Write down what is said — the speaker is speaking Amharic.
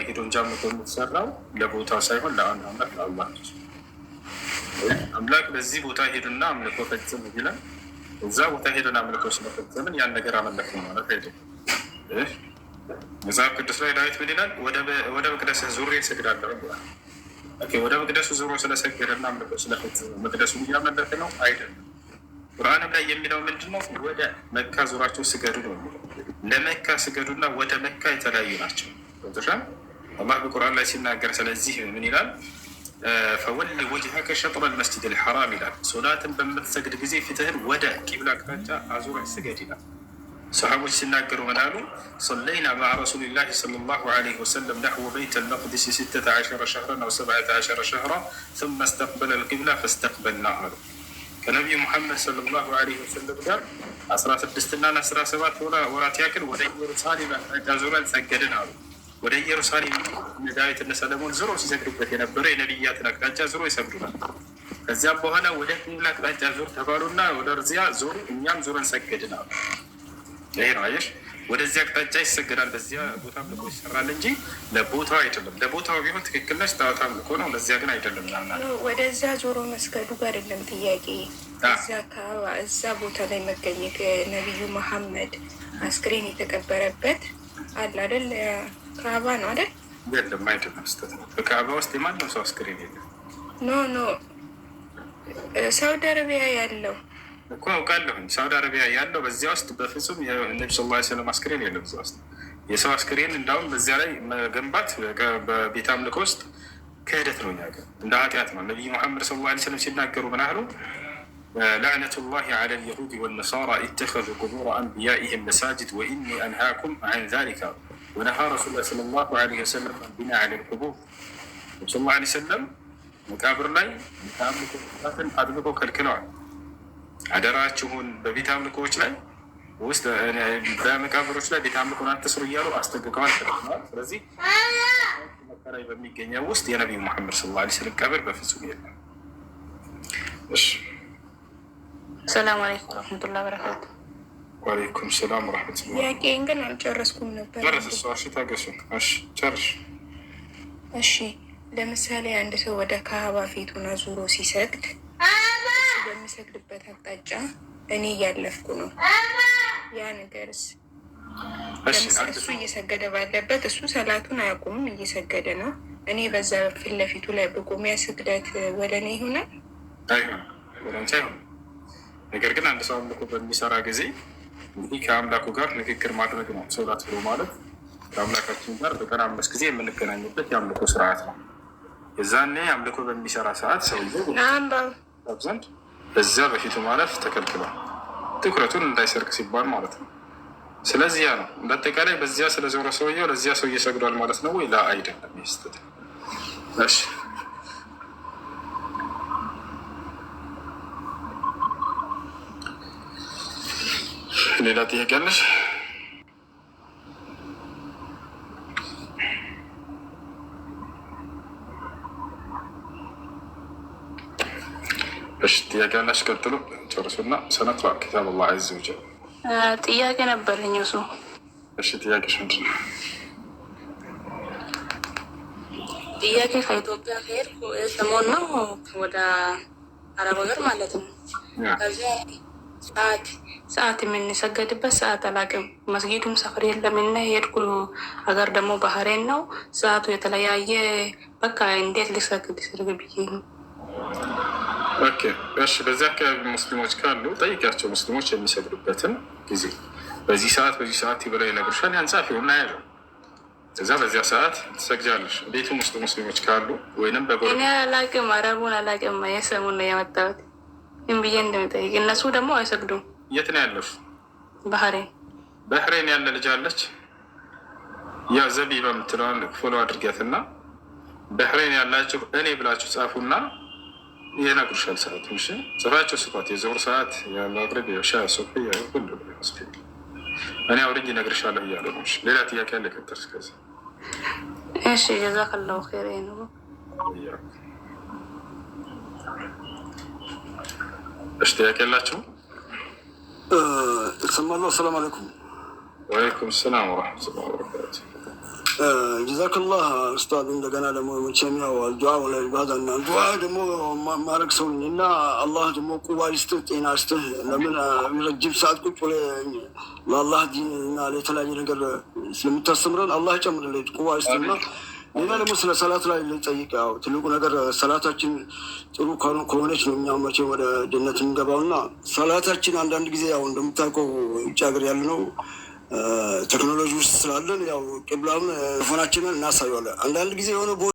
የሄዶንጃ ምክር የምትሰራው ለቦታ ሳይሆን ለአንድ አምላክ ለአላህ አምላክ በዚህ ቦታ ሄድና አምልኮ ፈጽም ይላል። እዛ ቦታ ሄደን አምልኮ ስለፈጸምን ያን ነገር አመለክ ነው ማለት አይደለም። መጽሐፍ ቅዱስ ላይ ዳዊት ምን ይላል? ወደ መቅደስ ዙሬ እሰግዳለሁ ይላል። ወደ መቅደሱ ዙሮ ስለሰገደና አምልኮ ስለፈጸመ መቅደሱን እያመለክ ነው አይደለም። ቁርአንም ላይ የሚለው ምንድን ነው? ወደ መካ ዙራቸው ስገዱ ነው ለመካ ስገዱና ወደ መካ የተለያዩ ናቸው። አላህ በቁርአን ላይ ሲናገር ስለዚህ ምን ይላል? ፈወሊ ወጅሀከ ሸጥረ ልመስጅድ ልሐራም ይላል። ሶላትን በምትሰግድ ጊዜ ፊትህን ወደ ቂብላ አቅጣጫ አዙረህ ስገድ ይላል። ሰሓቦች ሲናገሩ ምናሉ? ሰለይና ማ ረሱሊላህ ሰለላሁ ዐለይሂ ወሰለም ነሕወ በይት አልመቅዲስ ሲተተ ዓሸረ ሸህረን አው ሰብዐተ ዓሸረ ሸህራ ثመ እስተቅበለ ልቂብላ ፈስተቅበልና አሉ። ከነቢዩ ሙሐመድ ሰለላሁ ዐለይሂ ወሰለም ጋር አስራ ስድስትና አስራ ሰባት ወራት ያክል ወደ ኢየሩሳሌም አቅጣጫ ዙረን ሰገድን አሉ። ወደ ኢየሩሳሌም ዳዊትና ሰለሞን ዝሮ ሲሰግዱበት የነበረ የነቢያትን አቅጣጫ ዝሮ ይሰግዱናል። ከዚያም በኋላ ወደ ክሙል አቅጣጫ ዞር ተባሉና ወደ እርዚያ ዞሩ፣ እኛም ዞረን ሰገድናል። ይሄ ነው አየሽ፣ ወደዚያ አቅጣጫ ይሰገዳል። በዚያ ቦታ አምልኮ ይሰራል እንጂ ለቦታው አይደለም። ለቦታው ቢሆን ትክክል ነች፣ ጣዖት አምልኮ ነው። ለዚያ ግን አይደለም። ወደዚያ ዞሮ መስገዱ ጋር አይደለም ጥያቄ፣ እዛ ቦታ ላይ መገኘት ነቢዩ መሐመድ አስክሬን የተቀበረበት አለ አይደል ካዕባ ነው አይደል? የለም አይደለም፣ ስህተት ነው። በካዕባ ውስጥ የማንም ሰው አስክሬን የለም። ኖ ኖ፣ ሳውዲ አረቢያ ያለው እኮ አውቃለሁኝ። ሳውዲ አረቢያ ያለው በዚያ ውስጥ በፍጹም የነቢ ስ ላ ስለም አስክሬን የለም እዛ ውስጥ የሰው አስክሬን እንዳሁም በዚያ ላይ መገንባት በቤተ አምልኮ ውስጥ ክህደት ነው፣ እኛ ጋር እንደ ኃጢአት ነው። ነቢይ ሙሐመድ ስለ ላ ስለም ሲናገሩ ምን አሉ? لعنة الله على اليهود والنصارى اتخذوا قبور أنبيائهم مساجد وإني أنهاكم عن ذلك ونهى رسول الله صلى الله عليه وسلم ቢና ለ ቁቡር ነብ ላ ለ ሰለም መቃብር ላይ ቤታምልኮ ትን አጥብቆ ከልክለዋል። አደራችሁን በቤታምልኮዎች ላይ ውስጥ በመቃብሮች ላይ ቤታምልኮን አትስሩ እያሉ አስጠንቅቀዋል፣ ከልክለዋል። ስለዚህ መከራይ በሚገኘው ውስጥ የነቢዩ ሙሐመድ ስ ላ ስለም ቀብር በፍጹም የለም። ሰላም አለይኩም ረመቱላ በረካቱ ዋሌይኩም ሰላም ረመቱላ። ጥያቄን ግን አልጨረስኩም ነበር። ጨረስ እሱ። እሺ ታገሱ። እሺ ጨርሽ። እሺ ለምሳሌ አንድ ሰው ወደ ካህባ ፊቱን አዙሮ ሲሰግድ በሚሰግድበት አቅጣጫ እኔ እያለፍኩ ነው። ያ ነገርስ እሱ እየሰገደ ባለበት እሱ ሰላቱን አያቁምም፣ እየሰገደ ነው። እኔ በዛ ፊት ለፊቱ ላይ ብቆም ያ ስግደት ወደ እኔ ይሆናል? ነገር ግን አንድ ሰው አምልኮ በሚሰራ ጊዜ ይህ ከአምላኩ ጋር ንግግር ማድረግ ነው። ሰውላት ብሎ ማለት ከአምላካችን ጋር በቀን አምስት ጊዜ የምንገናኝበት የአምልኮ ስርዓት ነው። የዛኔ አምልኮ በሚሰራ ሰዓት ሰውዬው ዘንድ በዛ በፊቱ ማለፍ ተከልክሏል። ትኩረቱን እንዳይሰርቅ ሲባል ማለት ነው። ስለዚያ ነው እንዳጠቃላይ በዚያ ስለዞረ ሰውየው ለዚያ ሰው እየሰግዷል ማለት ነው ወይ? ላ እሺ ሌላ ጥያቄ አለሽ? እሺ ጥያቄ አለሽ? ቀጥሎ ጨርሱና ሰነቅራ ኪታብ ላ ዐዘ ወጀል። ጥያቄ ነበረኝ እሱ። እሺ ጥያቄ ምንድን ነው? ጥያቄ ከኢትዮጵያ ከሄድኩ ሰሞን ነው ወደ አረብ ሀገር ማለት ነው ከዚያ ሰዓት ሰዓት የምንሰገድበት ሰዓት አላቅም። መስጊዱም ሰፈር የለም እና የሄድኩ ሀገር ደግሞ ባህሬን ነው። ሰዓቱ የተለያየ በቃ እንዴት ልሰግድ ስርግ ብዬ ነው። እሺ፣ በዚህ አካባቢ ሙስሊሞች ካሉ ጠይቂያቸው፣ ሙስሊሞች የሚሰግዱበትን ጊዜ በዚህ ሰዓት በዚህ ሰዓት ብለው ይነግርሻል። ያን ጻፊ ሆና ያለው እዛ በዚያ ሰዓት ትሰግጃለሽ። ቤቱ ውስጥ ሙስሊሞች ካሉ ወይንም በጎ እኔ አላቅም፣ አረቡን አላቅም፣ የሰሙን ነው የመጣሁት ምን ብዬ እንደምጠይቅ እነሱ ደግሞ አይሰግዱም። የት ነው ያለሽ? ባህሬን ባህሬን ያለ ልጅ አለች። ያ ዘቢባ የምትለዋን ፎሎ አድርጊያትና ባህሬን ያላችሁ እኔ ብላችሁ ጻፉና ይነግሩሻል። ሰዓት ምሽ ጽፋችሁ ስጧት። የዙሁር ሰዓት የመቅሪብ፣ የሻ ሶፊ ሁሉ እኔ አውርጅ ይነግርሻለሁ እያለ ነው። ሌላ ጥያቄ ያለ ከጠር እስከዚህ እሺ፣ ጀዛከላሁ ኸይር ነው እሺ፣ ጥያቄ ያላችሁ እሰማለሁ። አሰላም አለይኩም። ወአለይኩም ሰላም ወረሕመቱላ ጀዛክላህ ኡስታዝ። እንደገና ደግሞ መቼም ያው ዱዓ ለባዳ እና ዱዓ ደግሞ ማድረግ ሰው እና አላህ ደግሞ ቁባ ይስጥህ፣ ጤና ይስጥህ። ለምን ረጅም ሰዓት ቁጭ ብለህ ለአላህ ዲን እና ለተለያየ ነገር ስለምታስተምረን አላህ ይጨምርልህ፣ ቁባ ይስጥህና ሌላ ደግሞ ስለ ሰላት ላይ ልንጠይቅ ያው ትልቁ ነገር ሰላታችን ጥሩ ከሆነች ነው እኛ መቼ ወደ ድነት የምንገባው እና ሰላታችን አንዳንድ ጊዜ ያው እንደምታውቀው ውጭ ሀገር ያለ ነው ቴክኖሎጂ ውስጥ ስላለን ያው ቅብላም ፎናችንን እናሳየዋለን አንዳንድ ጊዜ የሆነ